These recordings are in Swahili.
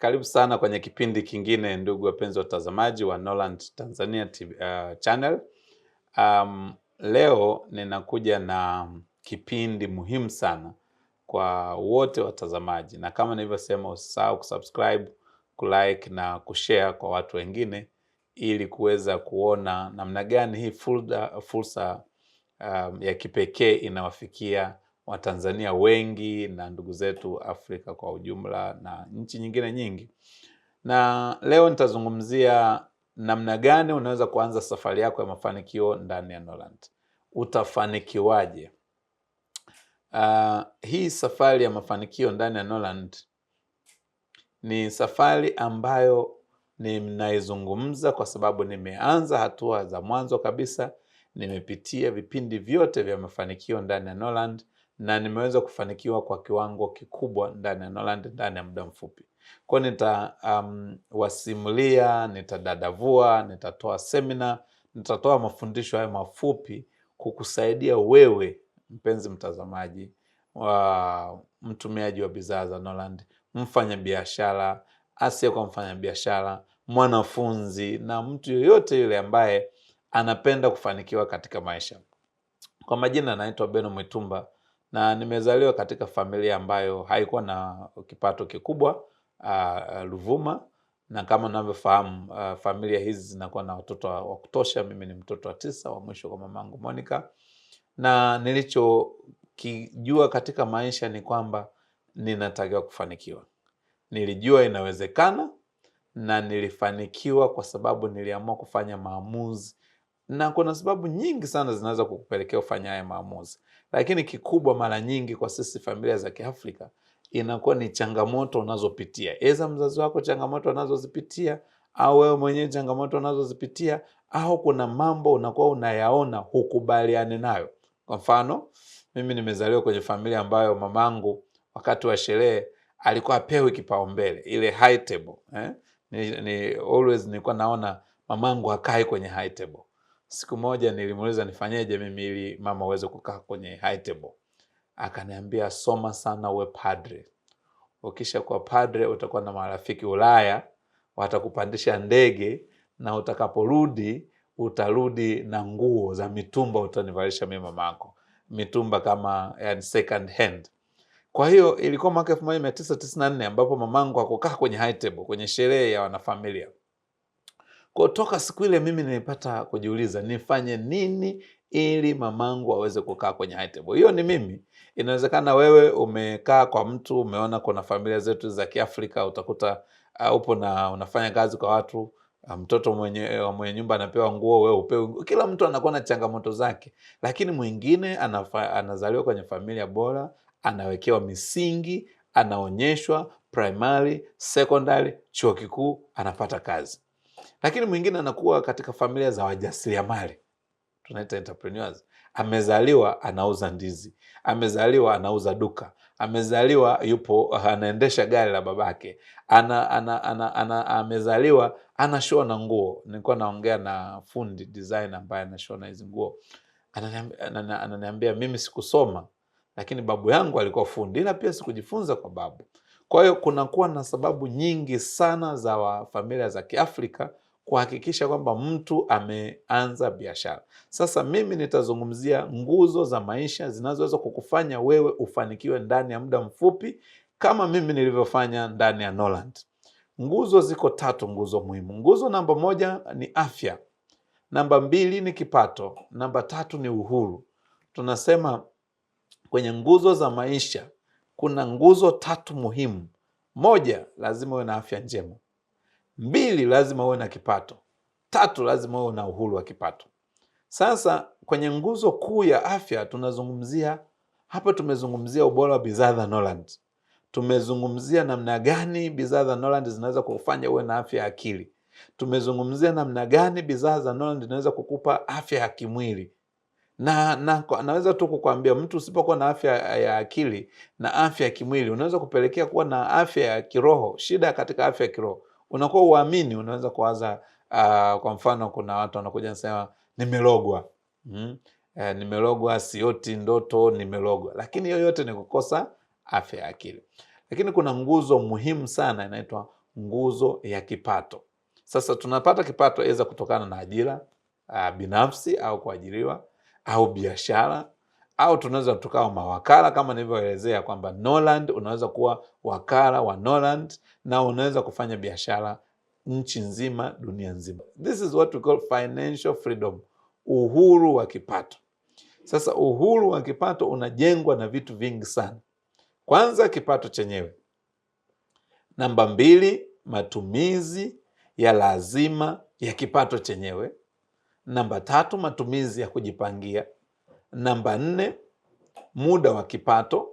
Karibu sana kwenye kipindi kingine, ndugu wapenzi watazamaji wa Norland Tanzania TV, uh, channel. Um, leo ninakuja na kipindi muhimu sana kwa wote watazamaji, na kama nilivyosema, usisahau kusubscribe, kulike na kushare kwa watu wengine ili kuweza kuona namna gani hii fursa um, ya kipekee inawafikia Watanzania wengi na ndugu zetu Afrika kwa ujumla na nchi nyingine nyingi. Na leo nitazungumzia namna gani unaweza kuanza safari yako ya mafanikio ndani ya Norland. Utafanikiwaje? Uh, hii safari ya mafanikio ndani ya Norland ni safari ambayo ninaizungumza kwa sababu nimeanza hatua za mwanzo kabisa, nimepitia vipindi vyote vya mafanikio ndani ya Norland na nimeweza kufanikiwa kwa kiwango kikubwa ndani ya Norland ndani ya muda mfupi. Kwa nitawasimulia, um, nitadadavua, nitatoa semina, nitatoa mafundisho hayo mafupi kukusaidia wewe mpenzi mtazamaji wa mtumiaji wa bidhaa za Norland, mfanya biashara kwa mfanya biashara, mwanafunzi na mtu yoyote yule ambaye anapenda kufanikiwa katika maisha. Kwa majina, naitwa Beno Mwitumba na nimezaliwa katika familia ambayo haikuwa na kipato kikubwa uh, ah, Luvuma ah, na kama navyofahamu uh, ah, familia hizi zinakuwa na watoto wa kutosha. Mimi ni mtoto wa tisa wa mwisho kwa mamangu Monica, na nilichokijua katika maisha ni kwamba ninatakiwa kufanikiwa. Nilijua inawezekana na nilifanikiwa kwa sababu niliamua kufanya maamuzi, na kuna sababu nyingi sana zinaweza kukupelekea ufanya haya maamuzi, lakini kikubwa mara nyingi kwa sisi familia za Kiafrika inakuwa ni changamoto unazopitia, eza mzazi wako changamoto unazozipitia au wewe mwenyewe changamoto unazozipitia, au kuna mambo unakuwa unayaona hukubaliani nayo. Kwa mfano, mimi nimezaliwa kwenye familia ambayo mamangu wakati wa sherehe alikuwa apewi kipaumbele ile high table, eh? Ni, ni, always nilikuwa naona mamangu akae kwenye high table. Siku moja nilimuuliza nifanyeje mimi ili mama uweze kukaa kwenye high table. Akaniambia, soma sana, uwe padre. Ukisha kuwa padre utakuwa na marafiki Ulaya, watakupandisha ndege, na utakaporudi utarudi na nguo za mitumba, utanivalisha mimi mamako, mitumba kama yani second hand. Kwa hiyo ilikuwa mwaka elfu moja mia tisa tisini na nne ambapo mamangu akukaa kwenye high table, kwenye sherehe ya wanafamilia. Kwa toka siku ile mimi nimepata kujiuliza nifanye nini ili mamangu aweze kukaa kwenye high table. Hiyo ni mimi. Inawezekana wewe umekaa kwa mtu, umeona kuna familia zetu za Kiafrika utakuta uh, upo na unafanya kazi kwa watu uh, mtoto mwenye, uh, mwenye nyumba anapewa nguo, wewe upewi. Kila mtu anakuwa na changamoto zake, lakini mwingine anafa, anazaliwa kwenye familia bora, anawekewa misingi, anaonyeshwa primary, secondary, chuo kikuu, anapata kazi. Lakini mwingine anakuwa katika familia za wajasiriamali, tunaita entrepreneurs. Amezaliwa anauza ndizi, amezaliwa anauza duka, amezaliwa yupo anaendesha gari la babake, ana, ana, ana, ana, amezaliwa anashona nguo. Nilikuwa naongea na fundi design ambaye na hizi nguo, ananiambia mimi sikusoma, lakini babu yangu alikuwa fundi, ila pia sikujifunza kwa babu. Kwa hiyo kunakuwa na sababu nyingi sana za familia za Kiafrika kuhakikisha kwamba mtu ameanza biashara. Sasa mimi nitazungumzia nguzo za maisha zinazoweza kukufanya wewe ufanikiwe ndani ya muda mfupi kama mimi nilivyofanya ndani ya Norland. Nguzo ziko tatu, nguzo muhimu. Nguzo namba moja ni afya, namba mbili ni kipato, namba tatu ni uhuru. Tunasema kwenye nguzo za maisha kuna nguzo tatu muhimu. Moja, lazima uwe na afya njema. Mbili, lazima uwe na kipato. Tatu, lazima uwe na uhuru wa kipato. Sasa kwenye nguzo kuu ya afya tunazungumzia hapa, tumezungumzia ubora wa bidhaa za Norland, tumezungumzia namna gani bidhaa za Norland zinaweza kufanya uwe na afya ya akili, tumezungumzia namna gani bidhaa za Norland zinaweza kukupa afya ya kimwili na, na naweza tu kukwambia mtu usipokuwa na afya ya akili na afya ya kimwili unaweza kupelekea kuwa na afya ya kiroho, shida katika afya ya kiroho. Unakuwa uamini, unaweza kuwaza uh, kwa mfano kuna watu wanakuja nasema nimelogwa, mm, e, nimelogwa, sioti ndoto, nimelogwa, lakini yoyote ni kukosa afya ya akili. Lakini kuna nguzo muhimu sana inaitwa nguzo ya kipato. Sasa tunapata kipato, aweza kutokana na ajira uh, binafsi au kuajiriwa au biashara au tunaweza tukawa mawakala kama nilivyoelezea kwamba Norland, unaweza kuwa wakala wa Norland na unaweza kufanya biashara nchi nzima, dunia nzima. This is what we call financial freedom, uhuru wa kipato. Sasa uhuru wa kipato unajengwa na vitu vingi sana. Kwanza, kipato chenyewe. Namba mbili, matumizi ya lazima ya kipato chenyewe. Namba tatu, matumizi ya kujipangia. Namba nne, muda wa kipato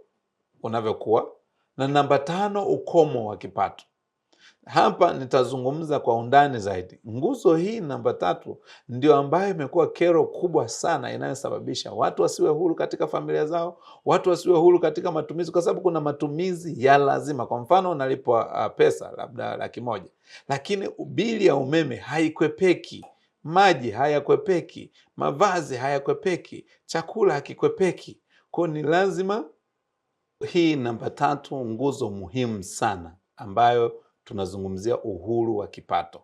unavyokuwa, na namba tano, ukomo wa kipato. Hapa nitazungumza kwa undani zaidi. Nguzo hii namba tatu ndio ambayo imekuwa kero kubwa sana, inayosababisha watu wasiwe huru katika familia zao, watu wasiwe huru katika matumizi, kwa sababu kuna matumizi ya lazima. Kwa mfano, unalipwa uh, pesa labda laki moja, lakini bili ya umeme haikwepeki maji hayakwepeki, mavazi hayakwepeki, chakula hakikwepeki. Kwa ni lazima hii namba tatu, nguzo muhimu sana ambayo tunazungumzia uhuru wa kipato.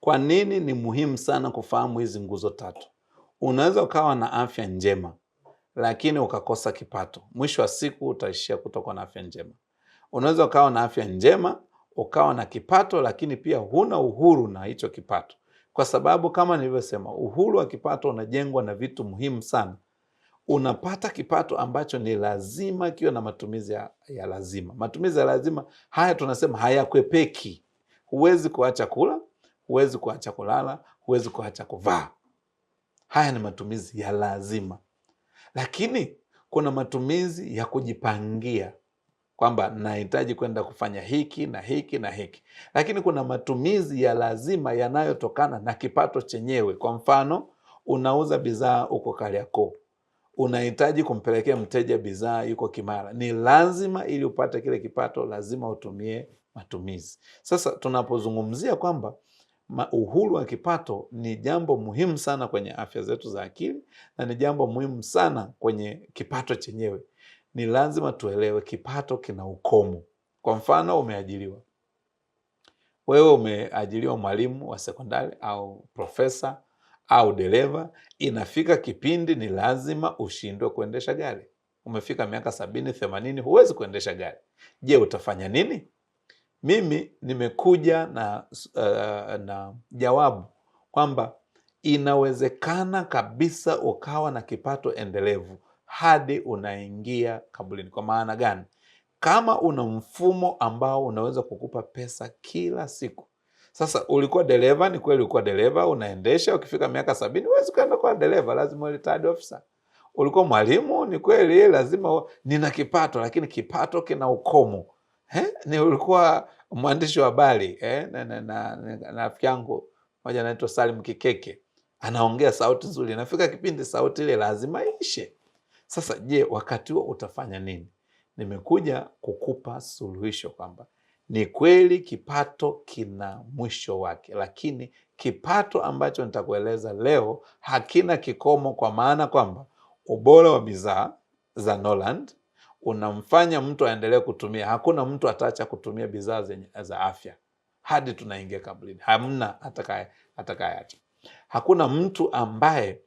Kwa nini ni muhimu sana kufahamu hizi nguzo tatu? Unaweza ukawa na afya njema lakini ukakosa kipato, mwisho wa siku utaishia kutokwa na afya njema. Unaweza ukawa na afya njema ukawa na kipato, lakini pia huna uhuru na hicho kipato kwa sababu kama nilivyosema, uhuru wa kipato unajengwa na vitu muhimu sana. Unapata kipato ambacho ni lazima kiwe na matumizi ya, ya lazima. Matumizi ya lazima haya tunasema hayakwepeki. Huwezi kuacha kula, huwezi kuacha kulala, huwezi kuacha kuvaa. Haya ni matumizi ya lazima, lakini kuna matumizi ya kujipangia kwamba nahitaji kwenda kufanya hiki na hiki na hiki, lakini kuna matumizi ya lazima yanayotokana na kipato chenyewe. Kwa mfano, unauza bidhaa huko Kariakoo, unahitaji kumpelekea mteja bidhaa, yuko Kimara. Ni lazima, ili upate kile kipato, lazima utumie matumizi. Sasa tunapozungumzia kwamba uhuru wa kipato ni jambo muhimu sana kwenye afya zetu za akili na ni jambo muhimu sana kwenye kipato chenyewe ni lazima tuelewe kipato kina ukomo. Kwa mfano, umeajiriwa wewe, umeajiriwa mwalimu wa sekondari au profesa au dereva, inafika kipindi ni lazima ushindwe kuendesha gari. Umefika miaka sabini themanini, huwezi kuendesha gari. Je, utafanya nini? Mimi nimekuja na, uh, na jawabu kwamba inawezekana kabisa ukawa na kipato endelevu hadi unaingia kaburini. Kwa maana gani? Kama una mfumo ambao unaweza kukupa pesa kila siku. Sasa ulikuwa dereva, ni kweli ulikuwa dereva, unaendesha. Ukifika miaka sabini huwezi kuenda kuwa dereva, lazima retired officer. Ulikuwa mwalimu, ni kweli, lazima nina kipato, lakini kipato kina ukomo. Ni ulikuwa mwandishi wa habari eh? na rafiki na, na, na yangu moja anaitwa Salim Kikeke, anaongea sauti nzuri, inafika kipindi sauti ile lazima iishe. Sasa je, wakati huo utafanya nini? Nimekuja kukupa suluhisho kwamba ni kweli kipato kina mwisho wake, lakini kipato ambacho nitakueleza leo hakina kikomo, kwa maana kwamba ubora wa bidhaa za Norland unamfanya mtu aendelee kutumia. Hakuna mtu ataacha kutumia bidhaa za afya hadi tunaingia kaburini, hamna atakayeacha. Hakuna mtu ambaye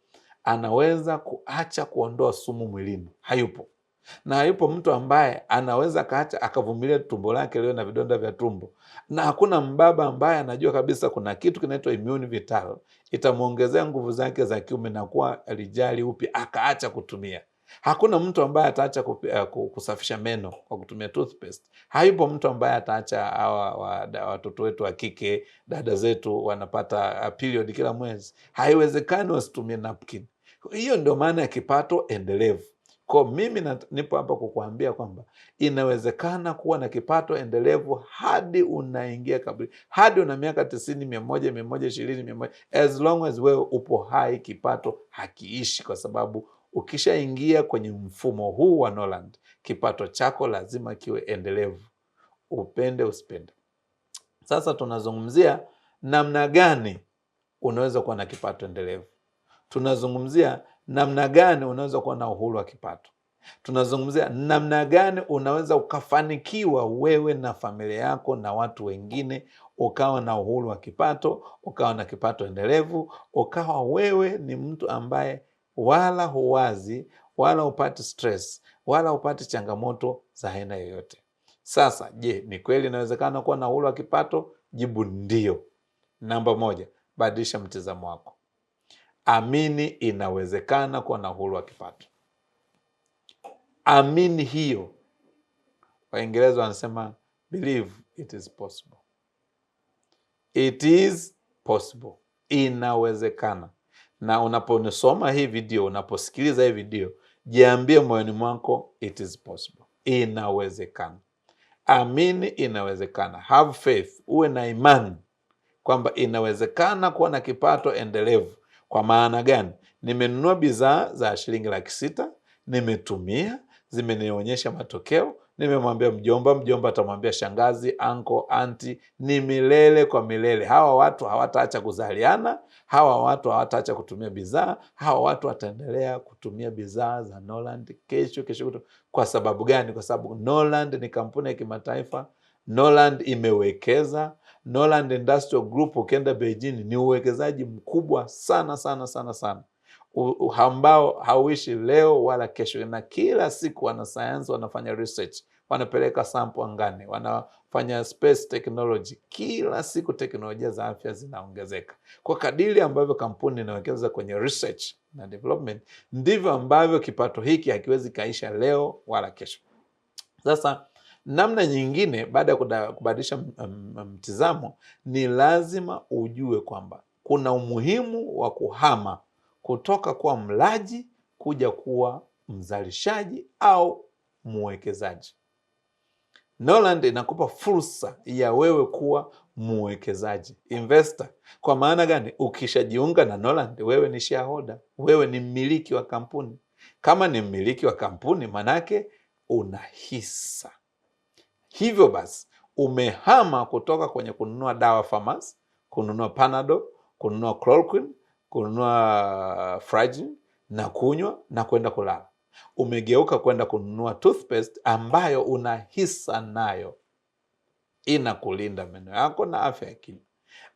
anaweza kuacha kuondoa sumu mwilini, hayupo. Na hayupo mtu ambaye anaweza kaacha akavumilia tumbo lake leo na vidonda vya tumbo, na hakuna mbaba ambaye anajua kabisa kuna kitu kinaitwa immune vital itamwongezea nguvu zake za kiume na kuwa lijali upya akaacha kutumia Hakuna mtu ambaye ataacha eh, kusafisha meno kwa kutumia toothpaste. Hayupo mtu ambaye ataacha hawa watoto wetu wa kike, dada zetu wanapata eh, period kila mwezi, haiwezekani wasitumie napkin. Hiyo ndio maana ya kipato endelevu. ko mimi na, nipo hapa kukuambia kwamba inawezekana kuwa na kipato endelevu hadi unaingia kaburi, hadi una miaka tisini, mia moja, mia moja ishirini, mia moja, as long as wewe upo hai, kipato hakiishi, kwa sababu ukishaingia kwenye mfumo huu wa Norland, kipato chako lazima kiwe endelevu, upende usipende. Sasa tunazungumzia namna gani unaweza kuwa na kipato endelevu tunazungumzia namna gani unaweza kuwa na uhuru wa kipato, tunazungumzia namna gani unaweza ukafanikiwa wewe na familia yako na watu wengine, ukawa na uhuru wa kipato, ukawa na kipato endelevu, ukawa wewe ni mtu ambaye wala huwazi wala upati stress wala upati changamoto za aina yoyote. Sasa je, ni kweli inawezekana kuwa na uhuru wa kipato? Jibu ndio. Namba moja, badilisha mtizamo wako amini inawezekana kuwa na uhuru wa kipato. Amini hiyo, Waingereza wanasema believe it is possible, it is possible, inawezekana. Na unaponisoma hii video, unaposikiliza hii video, jiambie moyoni mwako it is possible, inawezekana. Amini inawezekana, have faith, uwe na imani kwamba inawezekana kuwa na kipato endelevu kwa maana gani? Nimenunua bidhaa za shilingi laki sita, nimetumia, zimenionyesha matokeo, nimemwambia mjomba, mjomba atamwambia shangazi, anko, anti. Ni milele kwa milele. Hawa watu hawataacha kuzaliana, hawa watu hawataacha kutumia bidhaa, hawa watu wataendelea kutumia bidhaa za Norland kesho, kesho kutu. Kwa sababu gani? Kwa sababu Norland ni kampuni ya kimataifa. Norland imewekeza Norland Industrial Group ukienda Beijing ni uwekezaji mkubwa sana sana sana sana ambao hauishi leo wala kesho, na kila siku wanasayansi wanafanya research, wanapeleka sampo angani, wanafanya space technology. Kila siku teknolojia za afya zinaongezeka. Kwa kadiri ambavyo kampuni inawekeza kwenye research na development, ndivyo ambavyo kipato hiki hakiwezi kaisha leo wala kesho. Sasa Namna nyingine baada ya kubadilisha um, um, mtizamo, ni lazima ujue kwamba kuna umuhimu wa kuhama kutoka kuwa mlaji kuja kuwa mzalishaji au mwekezaji. Norland inakupa fursa ya wewe kuwa mwekezaji investor. Kwa maana gani? Ukishajiunga na Norland, wewe ni shahoda, wewe ni mmiliki wa kampuni. Kama ni mmiliki wa kampuni, manake una hisa. Hivyo basi umehama kutoka kwenye kununua dawa famasi, kununua panado, kununua Chloroquine, kununua uh, Flagyl na kunywa na kwenda kulala. Umegeuka kwenda kununua toothpaste ambayo una hisa nayo, inakulinda meno yako na afya ya kinywa.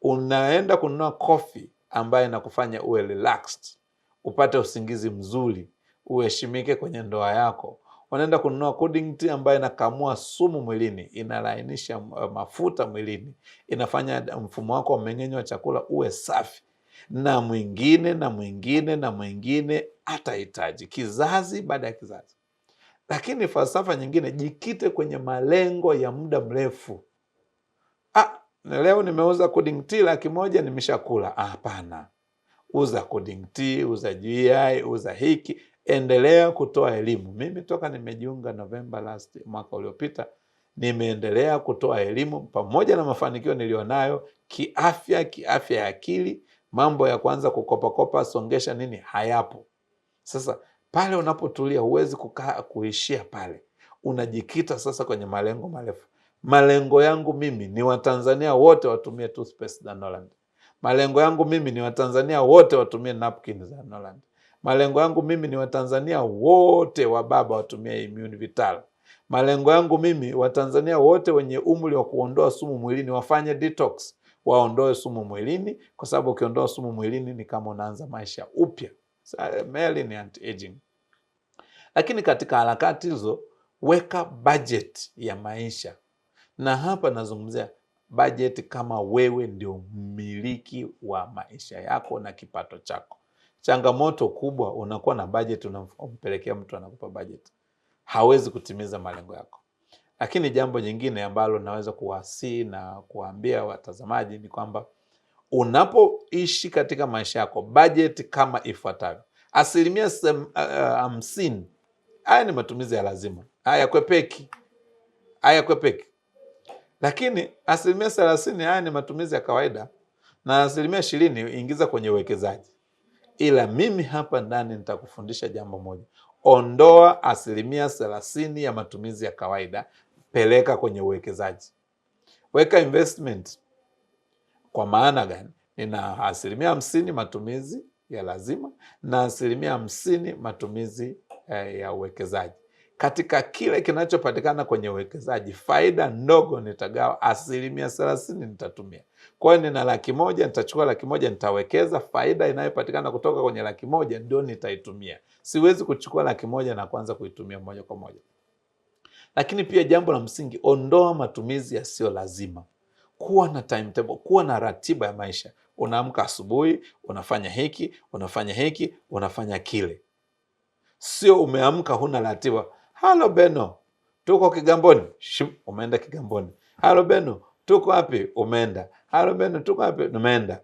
Unaenda kununua kofi ambayo inakufanya uwe relaxed, upate usingizi mzuri, uheshimike kwenye ndoa yako wanaenda kununua coding tea ambayo inakamua sumu mwilini, inalainisha uh, mafuta mwilini, inafanya mfumo wako wa mmeng'enyo wa chakula uwe safi, na mwingine na mwingine na mwingine, atahitaji kizazi baada ya kizazi. Lakini falsafa nyingine, jikite kwenye malengo ya muda mrefu. Ah, leo nimeuza coding tea laki moja, nimeshakula. Hapana, ah, uza coding tea, uza GI, uza hiki endelea kutoa elimu. Mimi toka nimejiunga Novemba last mwaka uliopita nimeendelea kutoa elimu pamoja na mafanikio niliyonayo kiafya, kiafya ya akili. Mambo ya kwanza kukopakopa, songesha nini, hayapo. Sasa pale unapotulia, huwezi kukaa kuishia pale, unajikita sasa kwenye malengo marefu. Malengo yangu mimi ni Watanzania wote watumie toothpaste za Norland. Malengo yangu mimi ni Watanzania wote watumie za Norland. Malengo yangu mimi ni Watanzania wote wa baba watumia immune vital. Malengo yangu mimi Watanzania wote wenye umri wa kuondoa sumu mwilini wafanye detox, waondoe sumu mwilini, kwa sababu ukiondoa sumu mwilini ni kama unaanza maisha upya. Meli ni anti-aging. Lakini katika harakati hizo weka budget ya maisha, na hapa nazungumzia bajeti kama wewe ndio mmiliki wa maisha yako na kipato chako. Changamoto kubwa, unakuwa na bajeti, unampelekea mtu anakupa bajeti, hawezi kutimiza malengo yako. Lakini jambo nyingine ambalo naweza kuwasii na kuwaambia watazamaji ni kwamba unapoishi katika maisha yako, bajeti kama ifuatavyo: asilimia eh, eh, hamsini uh, haya ni matumizi ya lazima, haya kwepeki, haya kwepeki. Lakini asilimia thelathini haya ni matumizi ya kawaida, na asilimia ishirini ingiza kwenye uwekezaji ila mimi hapa ndani nitakufundisha jambo moja: ondoa asilimia thelathini ya matumizi ya kawaida, peleka kwenye uwekezaji, weka investment. Kwa maana gani? Nina asilimia hamsini matumizi ya lazima na asilimia hamsini matumizi eh, ya uwekezaji katika kile kinachopatikana kwenye uwekezaji, faida ndogo nitagawa asilimia thelathini nitatumia. Kwa hiyo nina laki moja, nitachukua laki moja nitawekeza, faida inayopatikana kutoka kwenye laki moja ndio nitaitumia. Siwezi kuchukua laki moja na kuanza kuitumia moja kwa moja. Lakini pia jambo la msingi, ondoa matumizi yasiyo lazima. Kuwa na timetable, kuwa na ratiba ya maisha. Unaamka asubuhi, unafanya hiki, unafanya hiki, unafanya kile. Sio umeamka huna ratiba halo Beno, tuko Kigamboni. Shum, umeenda Kigamboni. Halo Beno, tuko wapi? Umeenda. Halo Beno, tuko wapi? Umeenda.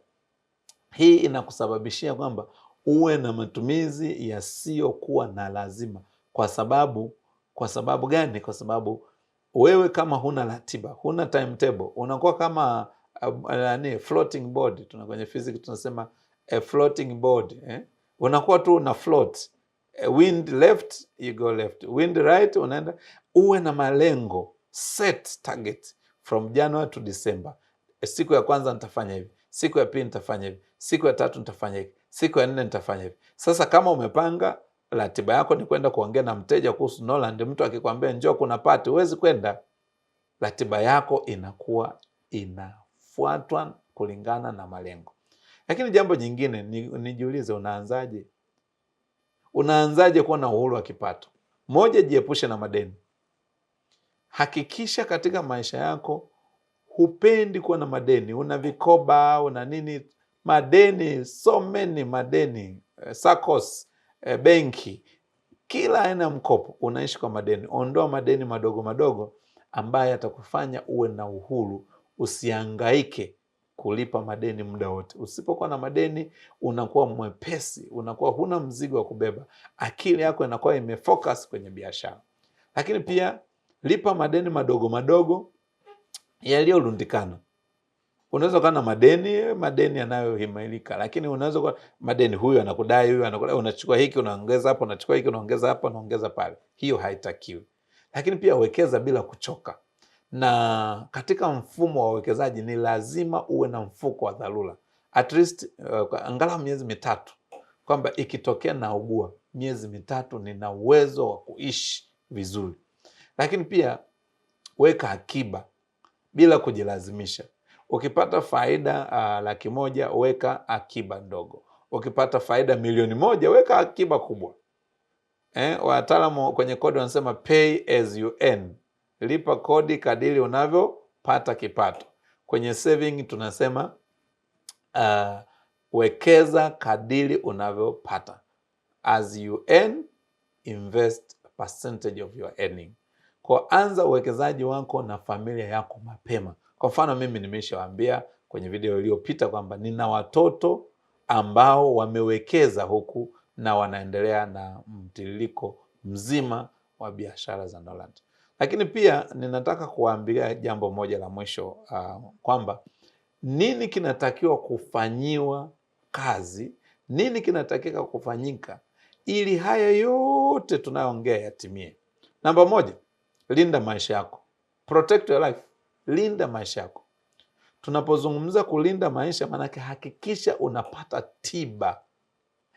Hii inakusababishia kwamba uwe na matumizi yasiyokuwa na lazima. Kwa sababu kwa sababu gani? Kwa sababu wewe kama huna ratiba, huna timetable, unakuwa kama eh, nani, floating board. Tuna kwenye physics tunasema a eh, floating board eh? unakuwa tu una float wind left you go left, wind right unaenda. Uwe na malengo, set target from January to December. Siku ya kwanza nitafanya hivi, siku ya pili nitafanya hivi, siku ya tatu nitafanya hivi, siku ya nne nitafanya hivi. Sasa kama umepanga ratiba yako ni kwenda kuongea na mteja kuhusu noland mtu akikwambia njoo kuna pati, huwezi kwenda. Ratiba yako inakuwa inafuatwa kulingana na malengo. Lakini jambo jingine nijiulize ni, unaanzaje? unaanzaje kuwa na uhuru wa kipato? Moja, jiepushe na madeni. Hakikisha katika maisha yako hupendi kuwa na madeni, una vikoba, una nini, madeni so many, madeni eh, SACCOS, eh, benki, kila aina ya mkopo, unaishi kwa madeni. Ondoa madeni madogo madogo ambayo yatakufanya uwe na uhuru, usiangaike kulipa madeni muda wote. Usipokuwa na madeni, unakuwa mwepesi, unakuwa huna mzigo wa kubeba, akili yako inakuwa imefocus kwenye biashara. Lakini pia lipa madeni madogo madogo yaliyorundikana. Unaweza kuwa na madeni madeni yanayohimalika, lakini unaweza kuwa madeni, huyu anakudai, huyu anakudai, unachukua hiki unaongeza hapo, unachukua hiki unaongeza hapo, unaongeza pale. Hiyo haitakiwi. Lakini pia wekeza bila kuchoka na katika mfumo wa uwekezaji ni lazima uwe na mfuko wa dharura at least uh, angalau miezi mitatu, kwamba ikitokea naugua miezi mitatu nina uwezo wa kuishi vizuri. Lakini pia weka akiba bila kujilazimisha. Ukipata faida uh, laki moja weka akiba ndogo. Ukipata faida milioni moja weka akiba kubwa. Eh, wataalamu kwenye kodi wanasema pay as you earn lipa kodi kadiri unavyopata kipato. Kwenye saving tunasema uh, wekeza kadiri unavyopata, as you earn invest percentage of your earning. Kwa anza uwekezaji wako na familia yako mapema. Kwa mfano mimi nimeshawaambia kwenye video iliyopita kwamba nina watoto ambao wamewekeza huku na wanaendelea na mtiririko mzima wa biashara za Norland. Lakini pia ninataka kuwaambia jambo moja la mwisho uh, kwamba nini kinatakiwa kufanyiwa kazi, nini kinatakika kufanyika ili haya yote tunayoongea yatimie. Namba moja, linda maisha yako, protect your life, linda maisha yako. Tunapozungumza kulinda maisha, maanake hakikisha unapata tiba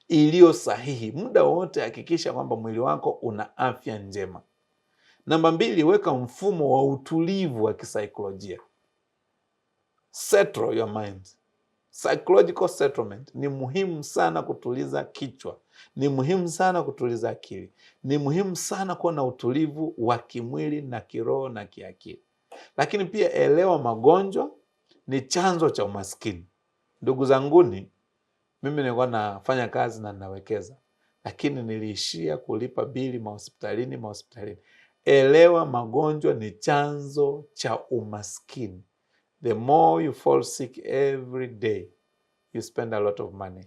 iliyo sahihi muda wote. Hakikisha kwamba mwili wako una afya njema. Namba mbili, weka mfumo wa utulivu wa kisaikolojia. Settle your mind. Psychological settlement ni muhimu sana. Kutuliza kichwa ni muhimu sana, kutuliza akili ni muhimu sana, kuwa na utulivu wa kimwili na kiroho na kiakili. Lakini pia elewa, magonjwa ni chanzo cha umaskini. Ndugu zanguni, mimi nilikuwa nafanya kazi na ninawekeza, lakini niliishia kulipa bili mahospitalini mahospitalini Elewa, magonjwa ni chanzo cha umaskini. The more you fall sick every day, you spend a lot of money.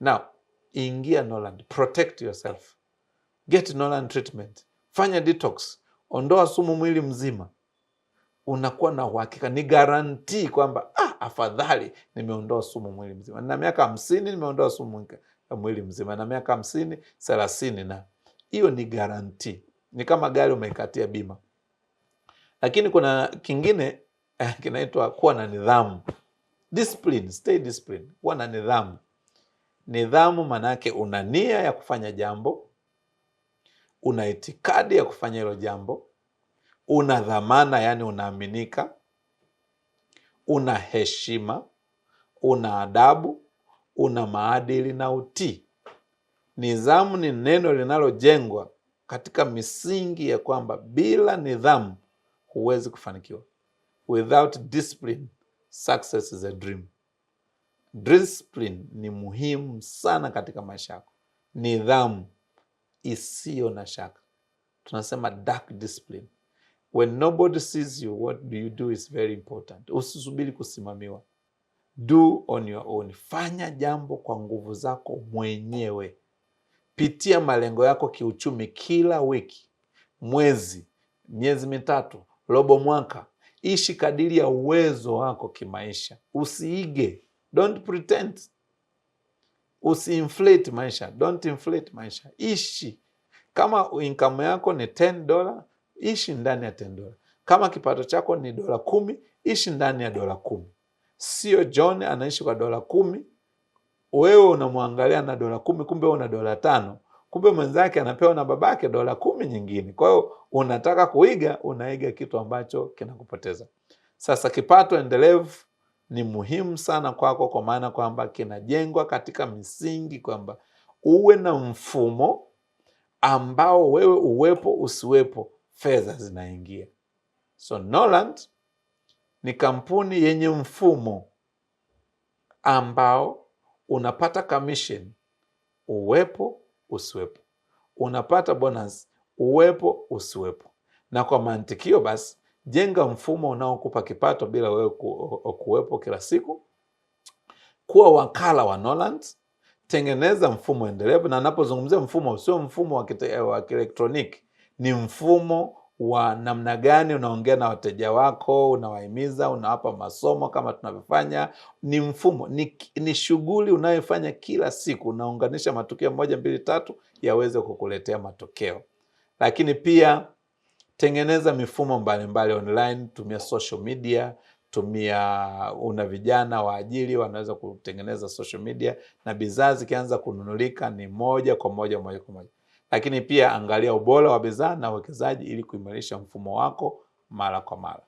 Now, ingia Norland, protect yourself, get Norland treatment, fanya detox, ondoa sumu mwili mzima, unakuwa na uhakika, ni garantii kwamba ah, afadhali nimeondoa sumu mwili mzima. Na miaka hamsini nimeondoa sumu mwili mzima, na miaka hamsini thelathini, na hiyo ni garantii ni kama gari umeikatia bima. Lakini kuna kingine eh, kinaitwa kuwa na nidhamu, discipline, stay discipline, kuwa na nidhamu. Nidhamu maanake una nia ya kufanya jambo, una itikadi ya kufanya hilo jambo, una dhamana, yaani unaaminika, una heshima, una adabu, una maadili na utii. Nidhamu ni neno linalojengwa katika misingi ya kwamba bila nidhamu huwezi kufanikiwa. Without discipline success is a dream. Discipline ni muhimu sana katika maisha yako, nidhamu isiyo na shaka. Tunasema dark discipline. When nobody sees you what do you do is very important. Usisubiri kusimamiwa, do on your own, fanya jambo kwa nguvu zako mwenyewe pitia malengo yako kiuchumi kila wiki, mwezi, miezi mitatu, robo mwaka. Ishi kadiri ya uwezo wako kimaisha, usiige. Don't pretend, usiinflate maisha, don't inflate maisha. Ishi kama income yako ni 10 dola, ishi ndani ya 10 dola. Kama kipato chako ni dola kumi, ishi ndani ya dola kumi. Sio John anaishi kwa dola kumi wewe unamwangalia na dola kumi, kumbe una dola tano, kumbe mwenzake anapewa na babake dola kumi nyingine. Kwa hiyo unataka kuiga, unaiga kitu ambacho kinakupoteza. Sasa kipato endelevu ni muhimu sana kwako, kwa maana kwamba kinajengwa katika misingi kwamba uwe na mfumo ambao wewe uwepo usiwepo, fedha zinaingia. So noland ni kampuni yenye mfumo ambao unapata commission uwepo usiwepo, unapata bonus uwepo usiwepo. Na kwa mantikio basi, jenga mfumo unaokupa kipato bila wewe kuwepo kila siku. Kuwa wakala wa Norlands, tengeneza mfumo endelevu. Na anapozungumzia mfumo, sio mfumo wa kielektroniki, ni mfumo wa namna gani unaongea na wateja wako, unawahimiza, unawapa masomo kama tunavyofanya. Ni mfumo, ni, ni shughuli unayofanya kila siku, unaunganisha matukio moja mbili tatu yaweze kukuletea matokeo. Lakini pia tengeneza mifumo mbalimbali mbali online, tumia social media tumia una vijana waajili wanaweza kutengeneza social media, na bidhaa zikianza kununulika ni moja kwa moja moja kwa moja lakini pia angalia ubora wa bidhaa na uwekezaji ili kuimarisha mfumo wako mara kwa mara.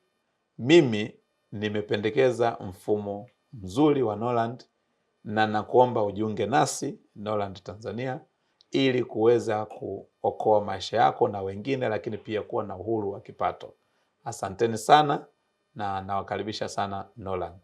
Mimi nimependekeza mfumo mzuri wa Norland na nakuomba ujiunge nasi Norland Tanzania ili kuweza kuokoa maisha yako na wengine, lakini pia kuwa na uhuru wa kipato. Asanteni sana na nawakaribisha sana Norland.